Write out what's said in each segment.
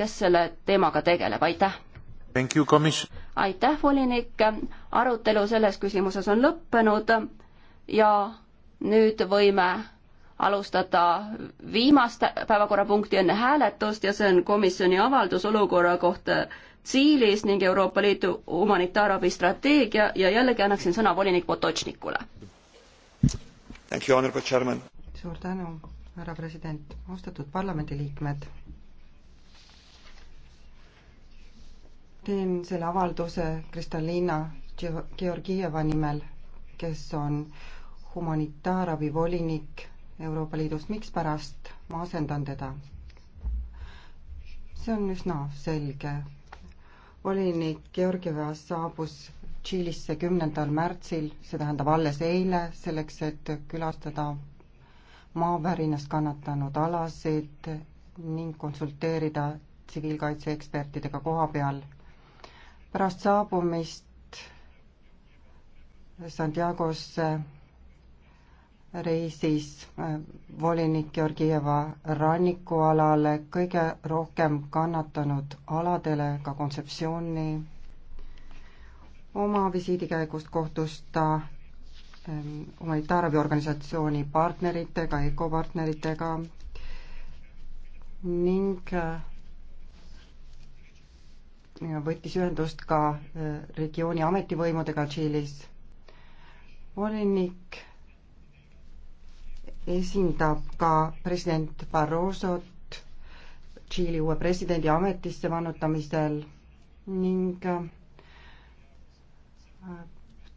kes selle teemaga tegeleb, aitäh! aitäh, volinik, arutelu selles küsimuses on lõppenud ja nüüd võime alustada viimast päevakorrapunkti enne hääletust ja see on komisjoni avaldus olukorra kohta Tsiilis ning Euroopa Liidu humanitaarabi strateegia ja jällegi annaksin sõna volinik Potočnikule. suur tänu, härra president, austatud parlamendiliikmed teen selle avalduse Kristalina Georgieva nimel, kes on humanitaarabi volinik Euroopa Liidust, mikspärast ma asendan teda? see on üsna selge. volinik Georgieva saabus Tšiilisse kümnendal märtsil, see tähendab alles eile, selleks et külastada maavärinast kannatanud alasid ning konsulteerida tsiviilkaitseekspertidega koha peal pärast saabumist Santiagosse reisis äh, volinik Georgieva rannikualale kõige rohkem kannatanud aladele, ka kontseptsiooni. oma visiidi käigus kohtus ta ähm, humanitaarabiorganisatsiooni partneritega, ECO partneritega ning äh, võttis ühendust ka äh, regiooni ametivõimudega Tšiilis. volinik esindab ka president Barrosot Tšiili uue presidendi ametisse vannutamisel ning äh,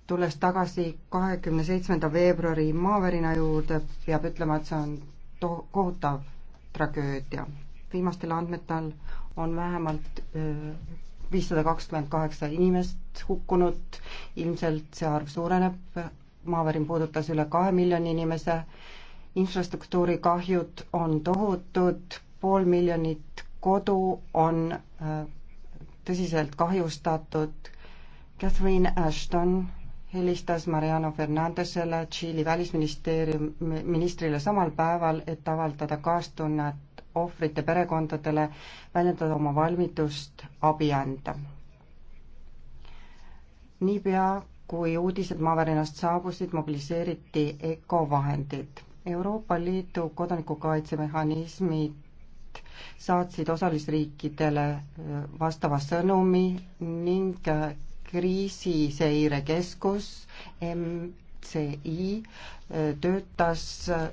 tulles tagasi kahekümne seitsmenda veebruari maavärina juurde, peab ütlema, et see on to-, kohutav tragöödia. viimastel andmetel on vähemalt öö, äh, viissada kakskümmend kaheksa inimest hukkunut, ilmselt see arv suureneb, maavärin puudutas üle kahe miljoni inimese, infrastruktuuri kahjud on tohutud, pool miljonit kodu on äh, tõsiselt kahjustatud. Catherine Ashton helistas Mariano Fernandesele, Tšiili välisministeerium, ministrile samal päeval, et avaldada kaastunnet ohvrite perekondadele väljendada oma valmidust abi anda. niipea, kui uudised maavärinast saabusid, mobiliseeriti ECO vahendid. Euroopa Liidu kodanikukaitsemehhanismid saatsid osalisriikidele vastava sõnumi ning kriisiseirekeskus CI äh, töötas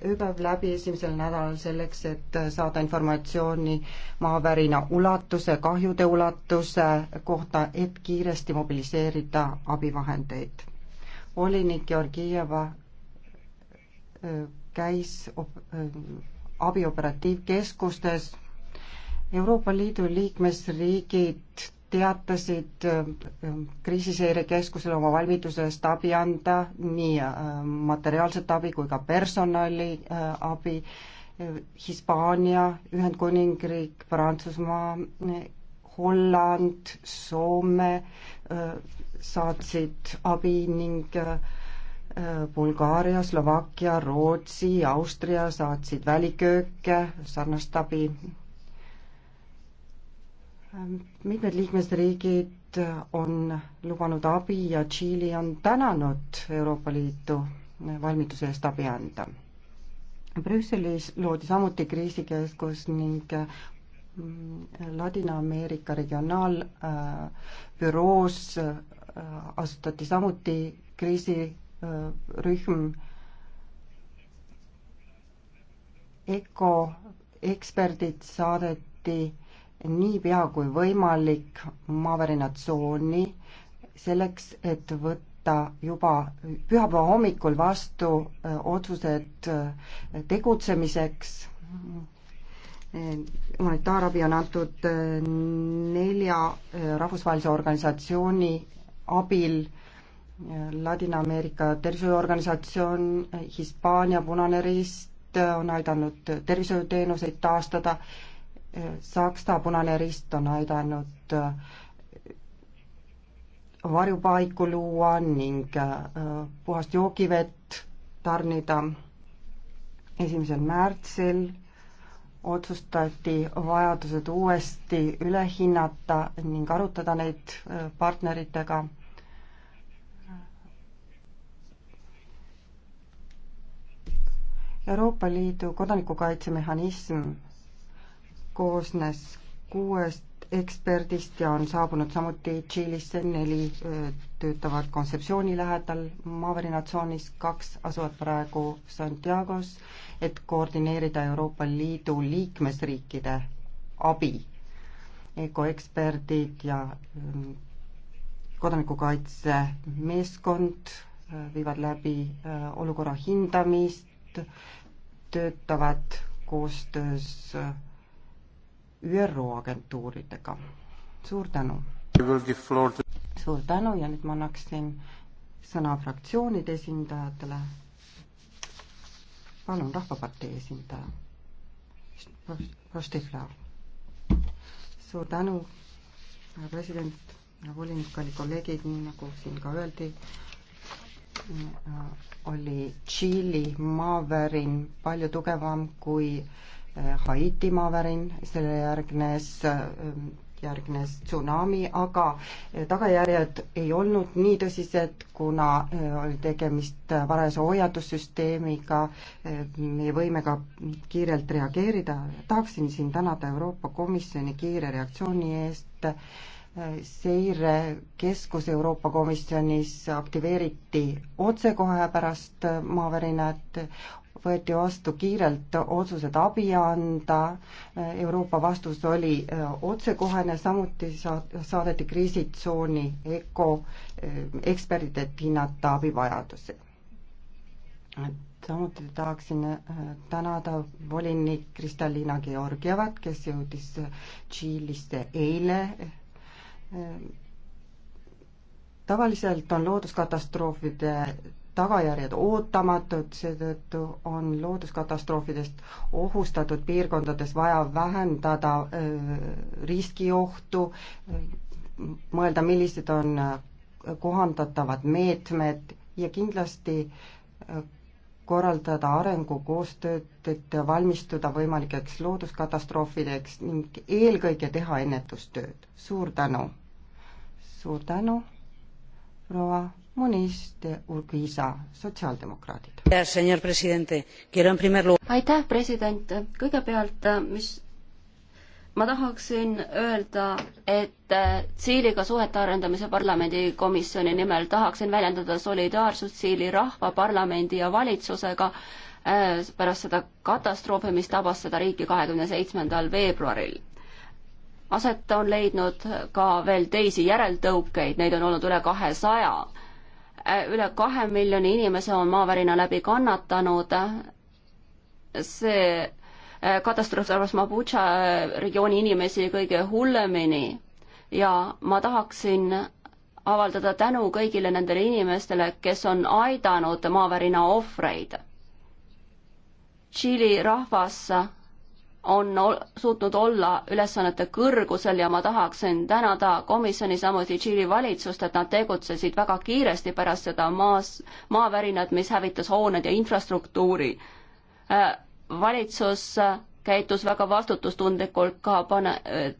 ööpäev läbi esimesel nädalal selleks, et saada informatsiooni maavärina ulatuse, kahjude ulatuse kohta, et kiiresti mobiliseerida abivahendeid. volinik Georgieva äh, käis äh, abioperatiivkeskustes Euroopa Liidu liikmesriigid teatasid äh, kriisiseirekeskusele oma valmidusest abi anda, nii äh, materiaalset abi kui ka personali äh, abi. Hispaania, Ühendkuningriik, Prantsusmaa, Holland, Soome saatsid abi ning Bulgaaria, Slovakkia, Rootsi, Austria saatsid välikööke, sarnast abi mitmed liikmesriigid on lubanud abi ja Tšiili on tänanud Euroopa Liitu valmiduse eest abi anda. Brüsselis loodi samuti kriisikeskus ning mm, Ladina-Ameerika regionaalbüroos äh, asutati samuti kriisirühm. ECO eksperdid saadeti niipea kui võimalik maavärina tsooni selleks, et võtta juba pühapäeva hommikul vastu äh, otsused äh, tegutsemiseks. humanitaarabi on antud äh, nelja rahvusvahelise organisatsiooni abil Ladina-Ameerika Tervishoiuorganisatsioon, Hispaania Punane Rist on aidanud tervishoiuteenuseid taastada Saksa Punane Rist on aidanud äh, varjupaiku luua ning äh, puhast joogivett tarnida. esimesel märtsil otsustati vajadused uuesti üle hinnata ning arutada neid äh, partneritega. Euroopa Liidu kodanikukaitsemehhanism koosnes kuuest eksperdist ja on saabunud samuti Tšiilisse neli töötavad kontseptsiooni lähedal, Maverina tsoonis kaks asuvad praegu Santiago's, et koordineerida Euroopa Liidu liikmesriikide abi. ökoeksperdid ja kodanikukaitse meeskond viivad läbi olukorra hindamist, töötavad koostöös ÜRO agentuuridega. suur tänu! suur tänu ja nüüd ma annaksin sõna fraktsioonide esindajatele. palun, Rahvapartei esindaja. suur tänu, härra president, volinik, kallid kolleegid, nii nagu siin ka öeldi, äh, oli Tšiili maavärin palju tugevam kui Haiti maavärin, selle järgnes, järgnes tsunami, aga tagajärjed ei olnud nii tõsised, kuna äh, oli tegemist äh, varajase hoiatussüsteemiga, äh, meie võimega kiirelt reageerida. tahaksin siin tänada Euroopa Komisjoni kiire reaktsiooni eest seirekeskus Euroopa Komisjonis aktiveeriti otsekohe pärast maavärinat, võeti vastu kiirelt otsused abi anda, Euroopa vastus oli äh, otsekohene, samuti saadeti kriisitsooni ECO äh, eksperdid, et hinnata abivajadusi. samuti tahaksin äh, tänada volinik Kristalina Georgievat, kes jõudis Tšiilisse eile tavaliselt on looduskatastroofide tagajärjed ootamatud, seetõttu on looduskatastroofidest ohustatud piirkondades vaja vähendada äh, riskiohtu, äh, mõelda, millised on äh, kohandatavad meetmed ja kindlasti korraldada arengukoostööd, et valmistuda võimalikeks looduskatastroofideks ning eelkõige teha ennetustööd. suur tänu! suur tänu, proua Moniste Urquiza, sotsiaaldemokraadid. aitäh, president, kõigepealt, äh, mis ma tahaksin öelda, et äh, Tšiiliga suhete arendamise parlamendikomisjoni nimel tahaksin väljendada solidaarsust Tšiili rahva, parlamendi ja valitsusega äh, pärast seda katastroofi, mis tabas seda riiki kahekümne seitsmendal veebruaril aset on leidnud ka veel teisi järeltõukeid, neid on olnud üle kahesaja Äh, üle kahe miljoni inimese on maavärina läbi kannatanud. see äh, katastroof tabas Mabucha äh, regiooni inimesi kõige hullemini ja ma tahaksin avaldada tänu kõigile nendele inimestele, kes on aidanud maavärina ohvreid. Tšiili rahvas on ol, suutnud olla ülesannete kõrgusel ja ma tahaksin tänada komisjoni, samuti Tšiili valitsust, et nad tegutsesid väga kiiresti pärast seda maas, maavärinat, mis hävitas hooned ja infrastruktuuri. Äh, valitsus äh, käitus väga vastutustundlikult ka pane,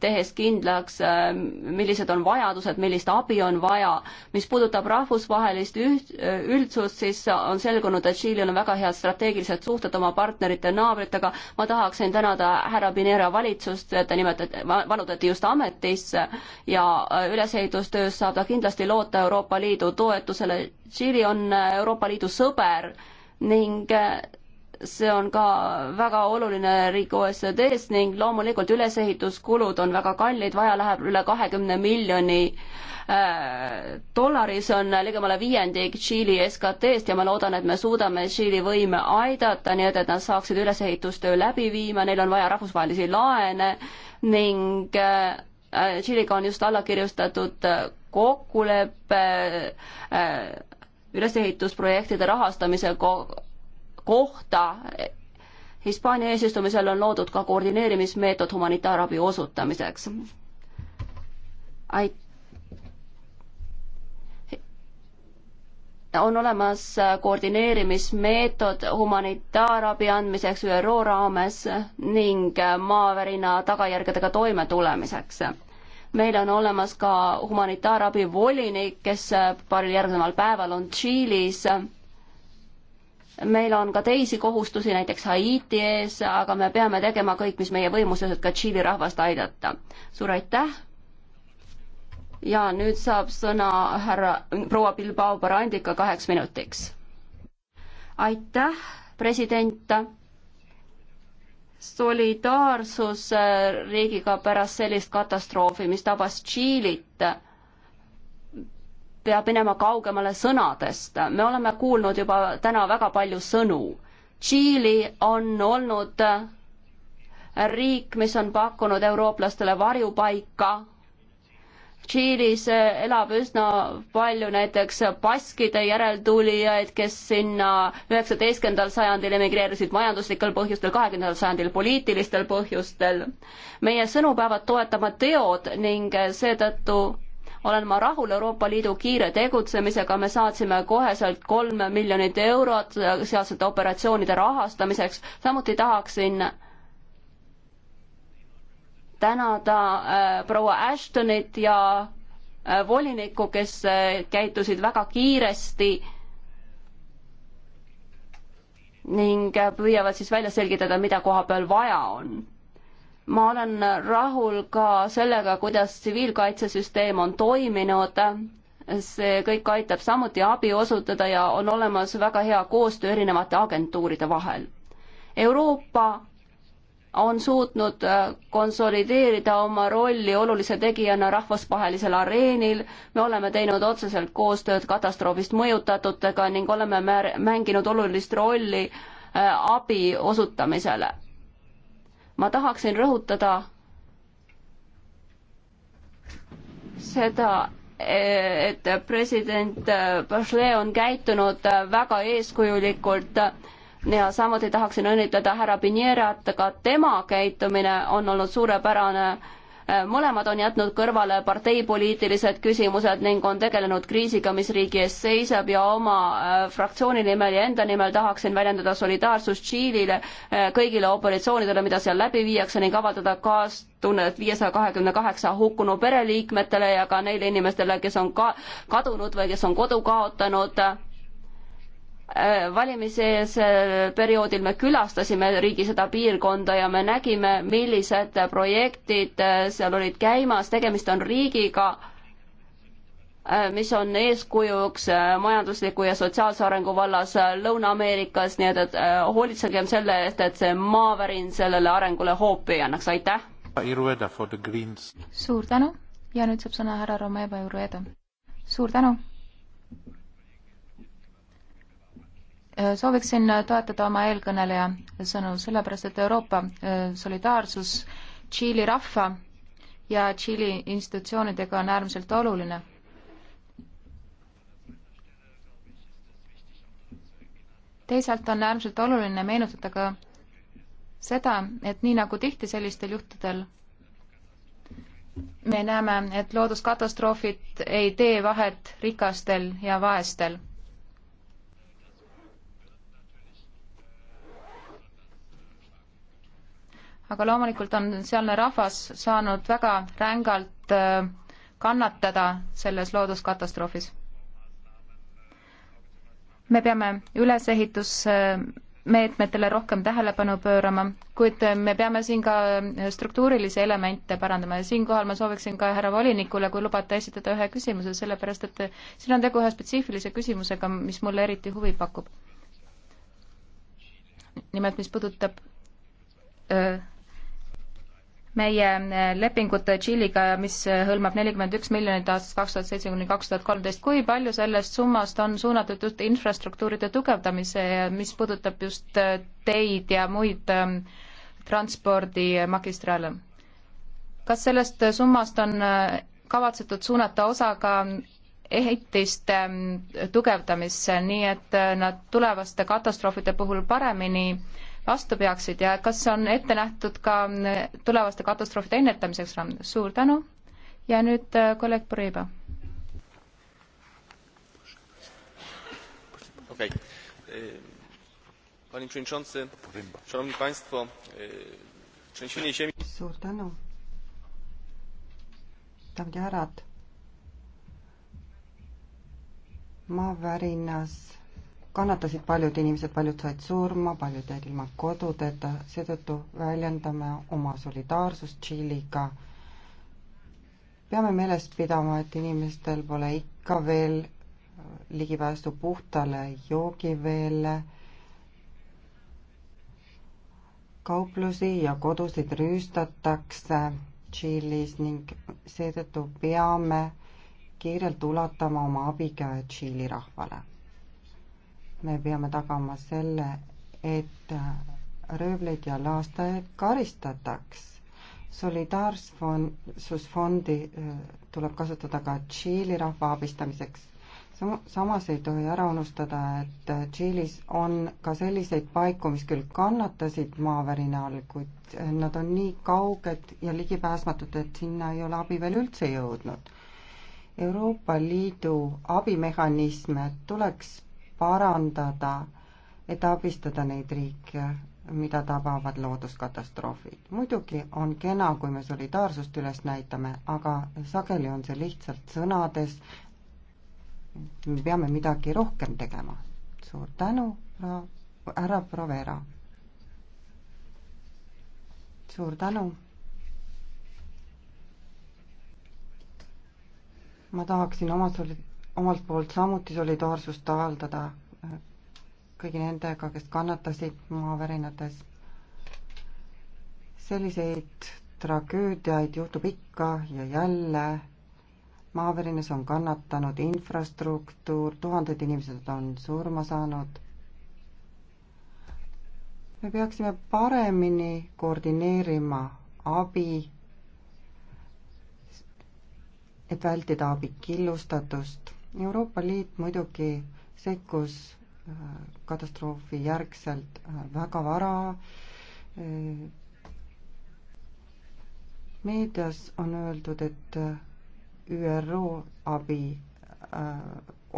tehes kindlaks, äh, millised on vajadused, millist abi on vaja. mis puudutab rahvusvahelist üht, üldsust, siis on selgunud, et Tšiilil on väga head strateegilised suhted oma partnerite, naabritega. ma tahaksin tänada härra Pinera valitsust, et ta nimetati, valutati just ametisse ja äh, ülesehitustöös saab ta kindlasti loota Euroopa Liidu toetusele. Tšiili on äh, Euroopa Liidu sõber ning see on ka väga oluline riik OSCD-s ning loomulikult ülesehituskulud on väga kallid, vaja läheb üle kahekümne miljoni äh, dollari, see on ligemale viiendik Tšiili SKT-st ja ma loodan, et me suudame Tšiili võime aidata, nii et, et nad saaksid ülesehitustöö läbi viima, neil on vaja rahvusvahelisi laene ning äh, äh, Tšiiliga äh, on just alla kirjustatud äh, kokkulepe äh, ülesehitusprojektide rahastamise ko kohta. Hispaania eesistumisel on loodud ka koordineerimismeetod humanitaarabi osutamiseks. aitäh. on olemas koordineerimismeetod humanitaarabi andmiseks ÜRO raames ning maavärina tagajärgedega toimetulemiseks. meil on olemas ka humanitaarabi volinik, kes paaril järgneval päeval on Tšiilis meil on ka teisi kohustusi, näiteks Haiti ees, aga me peame tegema kõik, mis meie võimuses, et ka Tšiili rahvast aidata. suur aitäh! ja nüüd saab sõna härra, proua Bilbao Barandika kaheks minutiks. aitäh, president! solidaarsus äh, riigiga pärast sellist katastroofi, mis tabas Tšiilit peab minema kaugemale sõnadest. me oleme kuulnud juba täna väga palju sõnu. Tšiili on olnud riik, mis on pakkunud eurooplastele varjupaika. Tšiilis elab üsna palju näiteks baskide järeltulijaid, kes sinna üheksateistkümnendal sajandil emigreerusid majanduslikel põhjustel, kahekümnendal sajandil poliitilistel põhjustel. meie sõnu peavad toetama teod ning seetõttu olen ma rahul Euroopa Liidu kiire tegutsemisega, me saatsime koheselt kolm miljonit eurot sealsete operatsioonide rahastamiseks, samuti tahaksin tänada äh, proua Ashtonit ja äh, volinikku, kes äh, käitusid väga kiiresti ning äh, püüavad siis välja selgitada, mida koha peal vaja on ma olen rahul ka sellega, kuidas tsiviilkaitsesüsteem on toiminud. see kõik aitab samuti abi osutada ja on olemas väga hea koostöö erinevate agentuuride vahel. Euroopa on suutnud äh, konsolideerida oma rolli olulise tegijana rahvusvahelisel areenil. me oleme teinud otseselt koostööd katastroofist mõjutatutega ning oleme mänginud olulist rolli äh, abi osutamisele ma tahaksin rõhutada seda, et president Bachelet on käitunud väga eeskujulikult ja samuti tahaksin õnnitleda härra Pinierat, ka tema käitumine on olnud suurepärane mõlemad on jätnud kõrvale parteipoliitilised küsimused ning on tegelenud kriisiga, mis riigi ees seisab ja oma äh, fraktsiooni nimel ja enda nimel tahaksin väljendada solidaarsust Tšiilile, äh, kõigile operatsioonidele, mida seal läbi viiakse ning avaldada kaastunnet viiesaja kahekümne kaheksa hukkunu pereliikmetele ja ka neile inimestele, kes on ka kadunud või kes on kodu kaotanud Äh, valimiseelsel äh, perioodil me külastasime riigi seda piirkonda ja me nägime, millised projektid äh, seal olid käimas, tegemist on riigiga, mis on eeskujuks majandusliku ja sotsiaalse arengu vallas Lõuna-Ameerikas, nii et, et hoolitsegem selle eest, et see maavärin sellele arengule hoopi annaks, aitäh! suur tänu ja nüüd saab sõna härra Romeva Irueda. suur tänu! Äh, sooviksin äh, toetada oma eelkõneleja sõnu, sellepärast et Euroopa äh, solidaarsus Tšiili rahva ja Tšiili institutsioonidega on äärmiselt oluline. teisalt on äärmiselt oluline meenutada ka seda, et nii nagu tihti sellistel juhtudel me näeme, et looduskatastroofid ei tee vahet rikastel ja vaestel aga loomulikult on sealne rahvas saanud väga rängalt äh, kannatada selles looduskatastroofis. me peame ülesehitusmeetmetele rohkem tähelepanu pöörama, kuid me peame siin ka struktuurilisi elemente parandama ja siinkohal ma sooviksin ka härra volinikule, kui lubate, esitada ühe küsimuse, sellepärast et siin on tegu ühe spetsiifilise küsimusega, mis mulle eriti huvi pakub. nimelt, mis puudutab öö, äh, meie eh, lepingut Tšiiliga, mis eh, hõlmab nelikümmend üks miljonit aastast kaks tuhat seitse kuni kaks tuhat kolmteist, kui palju sellest summast on suunatud just infrastruktuuride tugevdamise, mis puudutab just eh, teid ja muid transpordimagistraale? kas sellest summast on kavatsetud suunata osa ka ehitiste mm, tugevdamisse, nii et nad tulevaste katastroofide puhul paremini äh, vastu peaksid ja kas on ette nähtud ka äh, tulevaste katastroofide ennetamiseks raam? suur tänu ja nüüd äh, kolleeg Poriba. okei okay.. Panie Przewodniczący, Szanowni Państwo, trzęsienie ziemi... Suur tänu. Daamid ja härrad. maavärinas kannatasid paljud inimesed, paljud said surma, paljud jäid ilma kodudeta, seetõttu väljendame oma solidaarsust Tšiiliga. peame meeles pidama, et inimestel pole ikka veel ligipääsu puhtale joogiveele. kauplusi ja kodusid rüüstatakse Tšiilis ning seetõttu peame kiirelt ulatama oma abikäe Tšiili rahvale me peame tagama selle, et röövleid ja laastajaid karistataks. solidaarsusfondi äh, tuleb kasutada ka Tšiili rahva abistamiseks. samas ei tohi ära unustada, et äh, Tšiilis on ka selliseid paiku, mis küll kannatasid maavärina all, kuid äh, nad on nii kauged ja ligipääsmatud, et sinna ei ole abi veel üldse jõudnud Euroopa Liidu abimehhanisme tuleks parandada, et abistada neid riike, mida tabavad looduskatastroofid. muidugi on kena, kui me solidaarsust üles näitame, aga sageli on see lihtsalt sõnades. me peame midagi rohkem tegema. suur tänu, härra Provera. suur tänu. ma tahaksin oma soli-, omalt poolt samuti solidaarsust avaldada äh, kõigi nendega, kes kannatasid maavärinates. selliseid tragöödiaid juhtub ikka ja jälle. maavärines on kannatanud infrastruktuur, tuhanded inimesed on surma saanud. me peaksime paremini koordineerima abi, et vältida abi killustatust Euroopa Liit muidugi sekkus äh, katastroofi järgselt äh, väga vara. Äh, meedias on öeldud, et ÜRO abi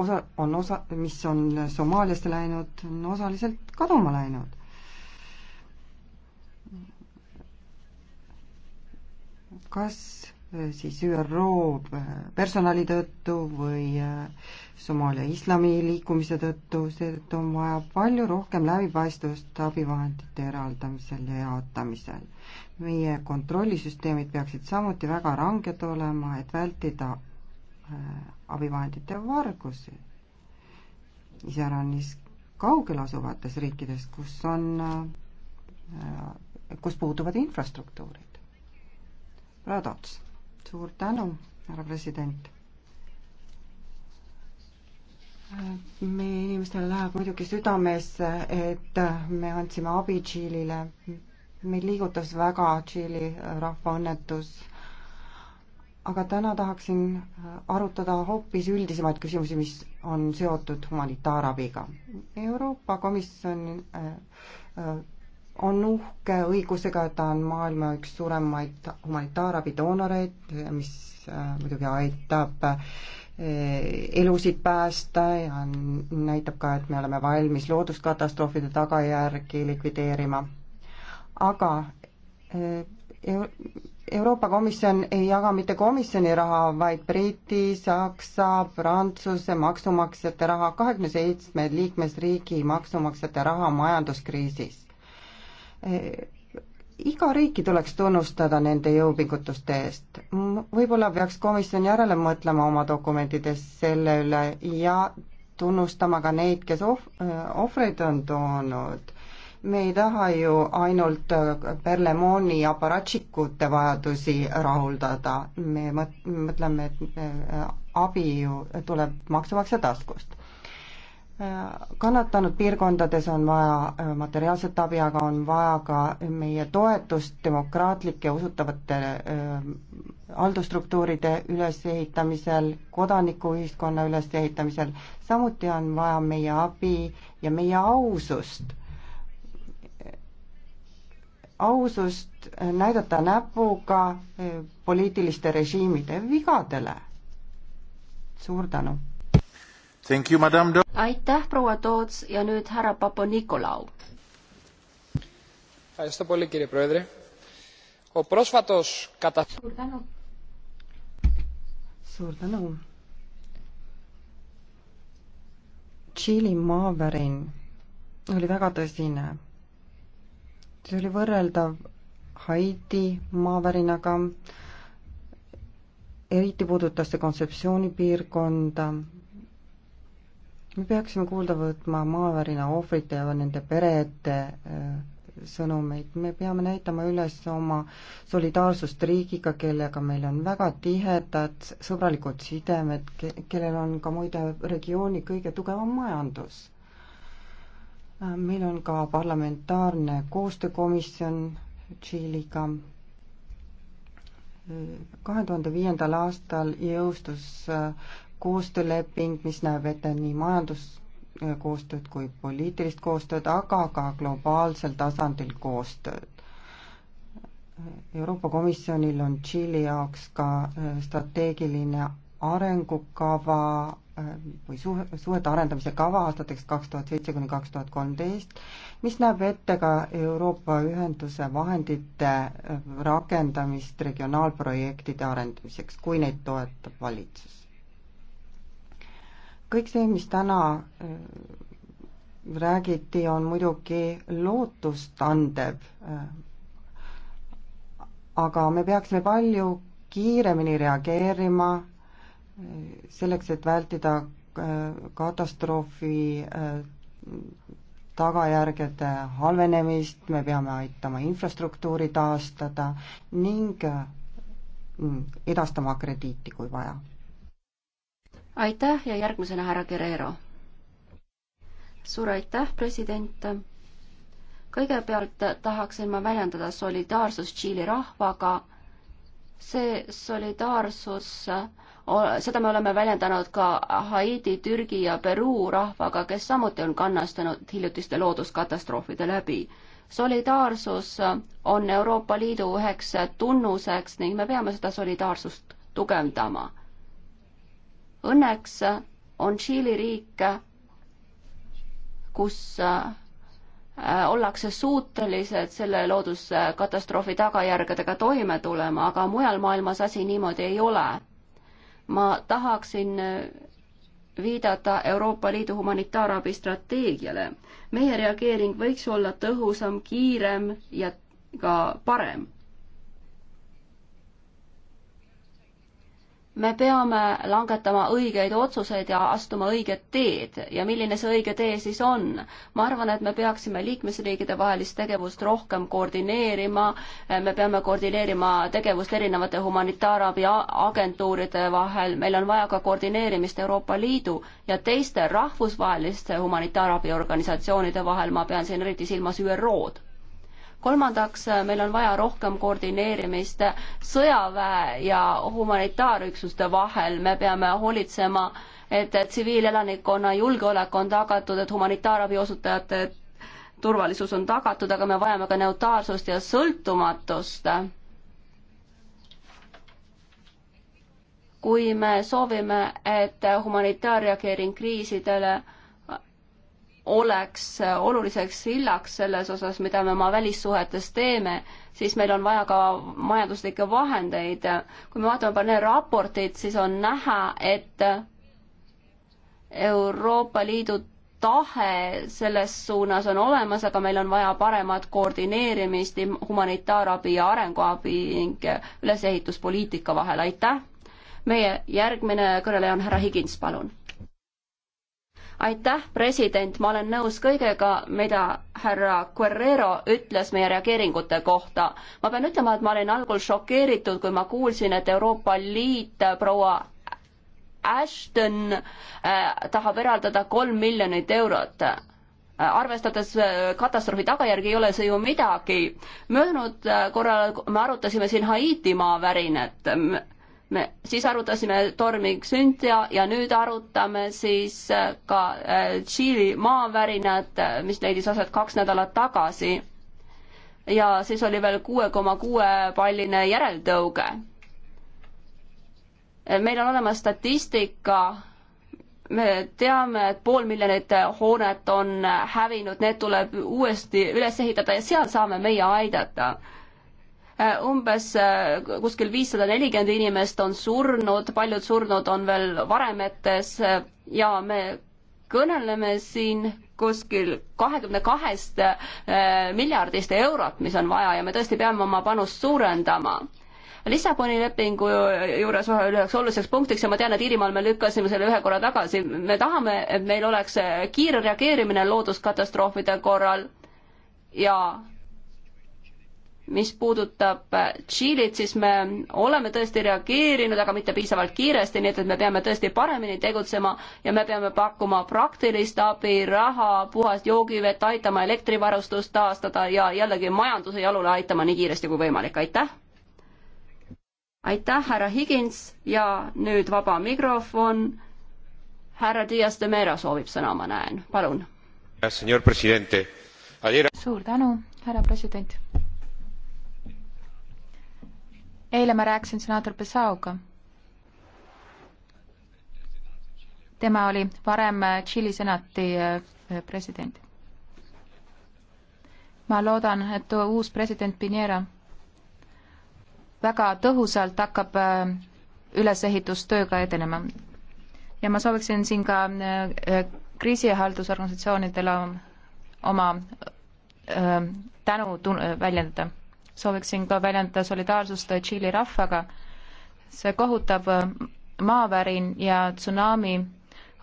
osa, on osa, mis on Somaaliasse läinud, on osaliselt kaduma läinud. kas Äh, siis ÜRO äh, personali tõttu või äh, Somaalia islamiliikumise tõttu, seetõttu on vaja palju rohkem läbipaistvust abivahendite eraldamisel ja jaotamisel. meie kontrollisüsteemid peaksid samuti väga ranged olema, et vältida abivahendite vargusi. iseäranis kaugel asuvates riikides, kus on, kus puuduvad infrastruktuurid. Radots suur tänu, härra president. meie inimestel läheb muidugi südamesse, et me andsime abi Tšiilile. meid liigutas väga Tšiili rahvaõnnetus. aga täna tahaksin arutada hoopis üldisemaid küsimusi, mis on seotud humanitaarabiga. Euroopa Komisjon äh, äh, on uhke õigusega, ta on maailma üks suuremaid humanitaarabi doonoreid, mis äh, muidugi aitab äh, elusid päästa ja näitab ka, et me oleme valmis looduskatastroofide tagajärgi likvideerima. aga äh, Euroopa Komisjon ei jaga mitte komisjoni raha, vaid Briti, Saksa, Prantsuse maksumaksjate raha, kahekümne seitsme liikmesriigi maksumaksjate raha majanduskriisis iga riiki tuleks tunnustada nende jõupingutuste eest. võib-olla peaks komisjon järele mõtlema oma dokumentides selle üle ja tunnustama ka neid, kes ohv-, ohvreid on toonud. me ei taha ju ainult Berlemoni aparatšikute vajadusi rahuldada, me mõt-, mõtleme, et abi ju tuleb maksumaksja taskust kannatanud piirkondades on vaja äh, materiaalset abi, aga on vaja ka meie toetust demokraatlike usutavate äh, haldusstruktuuride ülesehitamisel, kodanikuühiskonna ülesehitamisel, samuti on vaja meie abi ja meie ausust. ausust näidata näpuga äh, poliitiliste režiimide vigadele. suur tänu! Thank you, madam aitäh, proua Toots ja nüüd härra Papanikolaou. suur tänu. suur tänu. Tšiili maavärin oli väga tõsine. see oli võrreldav Haiti maavärinaga, eriti puudutas see kontseptsioonipiirkonda, me peaksime kuulda võtma maavärina ohvrite ja nende perede äh, sõnumeid, me peame näitama üles oma solidaarsust riigiga, kellega meil on väga tihedad sõbralikud sidemed, kellel on ka muide regiooni kõige tugevam majandus. Äh, meil on ka parlamentaarne koostöökomisjon Tšiiliga. Äh, kahe tuhande viiendal aastal jõustus koostööleping, mis näeb ette nii majanduskoostööd kui poliitilist koostööd, aga ka globaalsel tasandil koostööd. Euroopa Komisjonil on Tšiili jaoks ka äh, strateegiline arengukava äh, või suhe, suhete arendamise kava aastateks kaks tuhat seitse kuni kaks tuhat kolmteist, mis näeb ette ka Euroopa Ühenduse vahendite äh, rakendamist regionaalprojektide arendamiseks, kui neid toetab valitsus kõik see, mis täna äh, räägiti, on muidugi lootustandev. Äh, aga me peaksime palju kiiremini reageerima äh, selleks, et vältida katastroofi tagajärgede halvenemist, me peame aitama infrastruktuuri taastada ning edastama krediiti, kui vaja aitäh ja järgmisena härra Guerrero. suur aitäh, president. kõigepealt tahaksin ma väljendada solidaarsust Tšiili rahvaga. see solidaarsus, seda me oleme väljendanud ka Haiti, Türgi ja Peruu rahvaga, kes samuti on kannastanud hiljutiste looduskatastroofide läbi solidaarsus on Euroopa Liidu üheks tunnuseks ning me peame seda solidaarsust tugevdama. Õnneks on Tšiili riik, kus äh, ollakse suutelised selle looduskatastroofi tagajärgedega toime tulema, aga mujal maailmas asi niimoodi ei ole. ma tahaksin viidata Euroopa Liidu humanitaarabi strateegiale. meie reageering võiks olla tõhusam, kiirem ja ka parem. me peame langetama õigeid otsuseid ja astuma õiget teed ja milline see õige tee siis on. ma arvan, et me peaksime liikmesriikide vahelist tegevust rohkem koordineerima, me peame koordineerima tegevust erinevate humanitaarabi agentuuride vahel, meil on vaja ka koordineerimist Euroopa Liidu ja teiste rahvusvaheliste humanitaarabiorganisatsioonide vahel, ma pean siin eriti silmas ÜRO-d kolmandaks, meil on vaja rohkem koordineerimist sõjaväe ja humanitaarüksuste vahel, me peame hoolitsema, et tsiviilelanikkonna julgeolek on tagatud, et humanitaarabi osutajate turvalisus on tagatud, aga me vajame ka neutraalsust ja sõltumatust. kui me soovime, et humanitaarreageering kriisidele oleks oluliseks sillaks selles osas, mida me oma välissuhetes teeme, siis meil on vaja ka majanduslikke vahendeid. kui me vaatame paneel raportit, siis on näha, et Euroopa Liidu tahe selles suunas on olemas, aga meil on vaja paremat koordineerimist humanitaarabi ja arenguabi ning ülesehituspoliitika vahel, aitäh! meie järgmine kõneleja on härra Higins, palun aitäh, president, ma olen nõus kõigega, mida härra Guerrero ütles meie reageeringute kohta. ma pean ütlema, et ma olin algul šokeeritud, kui ma kuulsin, et Euroopa Liit proua Ashton äh, tahab eraldada kolm miljonit eurot arvestades äh, katastroofi tagajärgi ei ole see ju midagi. möödunud äh, korral me arutasime siin Haiti maavärinat me siis arutasime tormi Xynthia ja nüüd arutame siis äh, ka äh, Tšiili maavärinat, äh, mis leidis aset kaks nädalat tagasi. ja siis oli veel kuue koma kuue palline järeltõuge. meil on olemas statistika, me teame, et pool miljonit hoonet on hävinud, need tuleb uuesti üles ehitada ja seal saame meie aidata Äh, umbes äh, kuskil viissada nelikümmend inimest on surnud, paljud surnud on veel varemetes äh, ja me kõneleme siin kuskil kahekümne kahest miljardist eurot, mis on vaja ja me tõesti peame oma panust suurendama. Lissaboni lepingu juures üheks oluliseks punktiks ja ma tean, et Iirimaal me lükkasime selle ühe korra tagasi, me tahame, et meil oleks kiire reageerimine looduskatastroofide korral ja mis puudutab äh, Tšiilit, siis me oleme tõesti reageerinud, aga mitte piisavalt kiiresti, nii et, et me peame tõesti paremini tegutsema ja me peame pakkuma praktilist abi, raha, puhast joogivett, aitama elektrivarustust taastada ja jällegi majanduse jalule aitama nii kiiresti kui võimalik, aitäh! aitäh, härra Higins ja nüüd vaba mikrofon. härra Dias de Mera soovib sõna, ma näen, palun. suur tänu, härra president eile ma rääkisin senaator Pesaoga. tema oli varem Tšiili senati äh, president. ma loodan, et uus president Pinera väga tõhusalt hakkab äh, ülesehitustööga edenema. ja ma sooviksin siin ka äh, kriisihaldusorganisatsioonidele oma tänu väljendada sooviksin ka väljendada solidaarsust Tšiili rahvaga. see kohutav äh, maavärin ja tsunami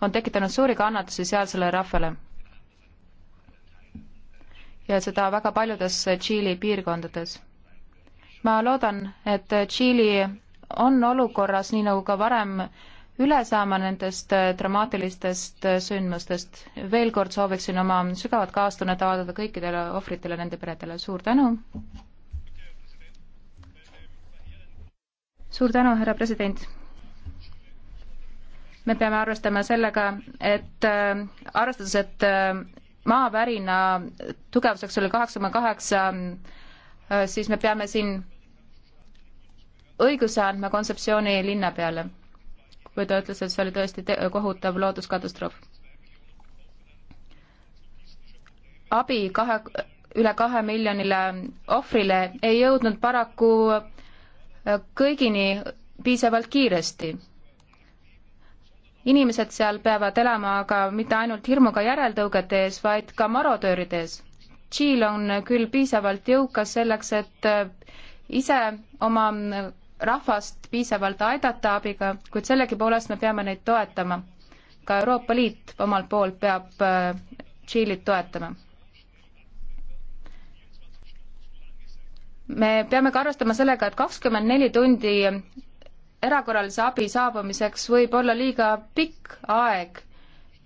on tekitanud suuri kannatusi sealsele rahvale. ja seda väga paljudes Tšiili piirkondades. ma loodan, et Tšiili on olukorras, nii nagu ka varem, üle saama nendest äh, dramaatilistest äh, sündmustest. veel kord sooviksin oma sügavat kaastunnet avaldada kõikidele ohvritele, nende peredele. suur tänu! suur tänu, härra president me peame arvestama sellega, et äh, arvestades, et äh, maavärina tugevuseks oli kaheksa koma kaheksa, äh, siis me peame siin õiguse andma kontseptsiooni linna peale, kui ta ütles, et see oli tõesti kohutav looduskatastroof. abi kahe, üle kahe miljonile ohvrile ei jõudnud paraku äh, kõigini piisavalt kiiresti. inimesed seal peavad elama aga mitte ainult hirmuga järeltõugete ees, vaid ka marodööride ees. Tšiil on küll piisavalt jõukas selleks, et äh, ise oma äh, rahvast piisavalt aidata abiga, kuid sellegipoolest me peame neid toetama. ka Euroopa Liit omalt poolt peab äh, Tšiilit toetama me peame ka arvestama sellega, et kakskümmend neli tundi erakorralise abi saabumiseks võib olla liiga pikk aeg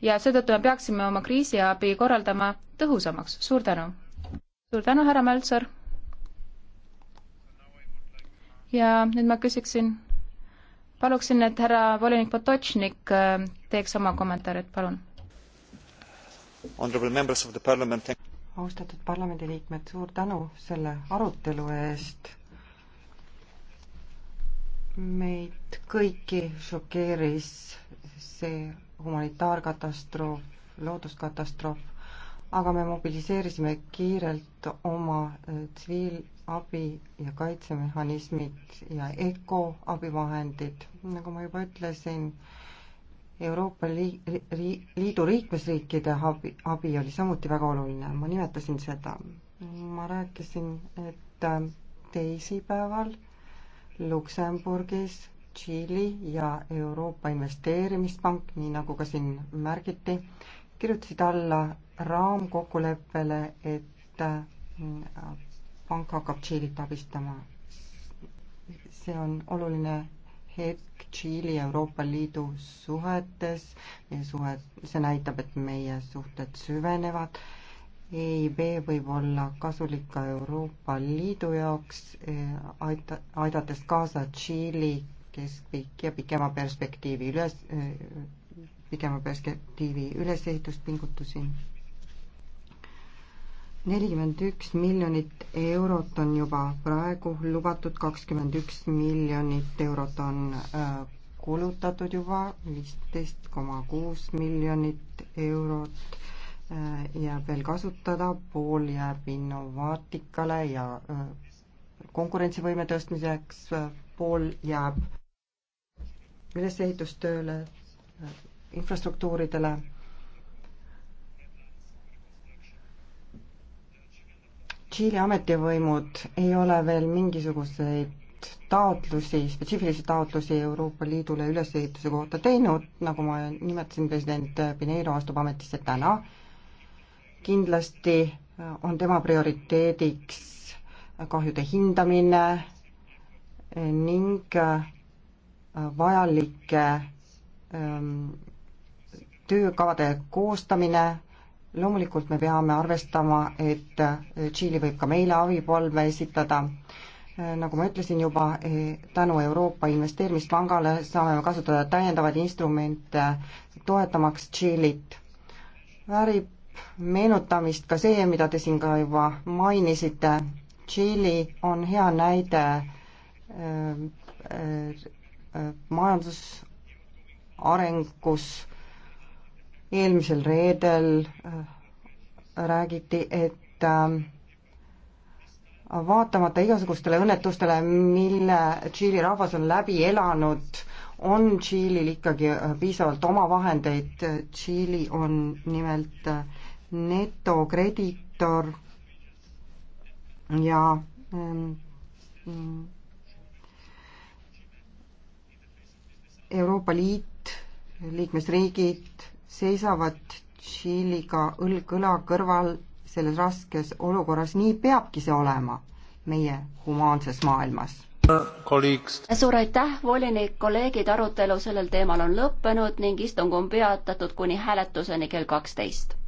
ja seetõttu me peaksime oma kriisiabi korraldama tõhusamaks. suur tänu! suur tänu, härra Möltsar! ja nüüd ma küsiksin, paluksin, et härra volinik Potočnik äh, teeks oma kommentaarid, palun. Honorable members of the parliament, austatud parlamendiliikmed, suur tänu selle arutelu eest. meid kõiki šokeeris see humanitaarkatastroof, looduskatastroof, aga me mobiliseerisime kiirelt oma äh, tsiviilabi ja kaitsemehhanismid ja ECO abivahendid, nagu ma juba ütlesin Euroopa Liidu liikmesriikide abi, abi oli samuti väga oluline, ma nimetasin seda. ma rääkisin, et äh, teisipäeval Luksemburgis Tšiili ja Euroopa Investeerimispank, nii nagu ka siin märgiti, kirjutasid alla raamkokkuleppele, et äh, pank hakkab Tšiilit abistama. see on oluline hetk Tšiili ja Euroopa Liidu suhetes, meie suhet, see näitab, et meie suhted süvenevad. EIB võib olla kasulik ka Euroopa Liidu jaoks, e, aita-, aidates kaasa Tšiili keskpikk ja pikema perspektiivi üles, e, pikema perspektiivi ülesehituspingutusi nelikümmend üks miljonit eurot on juba praegu lubatud, kakskümmend üks miljonit eurot on äh, kulutatud juba, viisteist koma kuus miljonit eurot äh, jääb veel kasutada, pool jääb Innovaatikale ja äh, konkurentsivõime tõstmiseks, pool jääb ülesehitustööle, infrastruktuuridele Tšiili ametivõimud ei ole veel mingisuguseid taotlusi, spetsiifilisi taotlusi Euroopa Liidule ülesehituse kohta teinud, nagu ma nimetasin, president Pinheiro astub ametisse täna. kindlasti on tema prioriteediks kahjude hindamine ning vajalike ähm, töökavade koostamine loomulikult me peame arvestama, et eh, Tšiili võib ka meile abipalve esitada. Eh, nagu ma ütlesin juba, eh, tänu Euroopa Investeerimispangale saame me kasutada täiendavaid instrumente toetamaks Tšiilit. väärib meenutamist ka see, mida te siin ka juba mainisite. Tšiili on hea näide majandusarengus eelmisel reedel äh, räägiti, et äh, vaatamata igasugustele õnnetustele, mille Tšiili rahvas on läbi elanud, on Tšiilil ikkagi äh, piisavalt omavahendeid, Tšiili on nimelt netokrediitor ja ähm, Euroopa Liit, liikmesriigid seisavad Tšiiliga õlg õla kõrval selles raskes olukorras, nii peabki see olema meie humaanses maailmas. suur aitäh, volinik, kolleegid, arutelu sellel teemal on lõppenud ning istung on peatatud kuni hääletuseni kell kaksteist.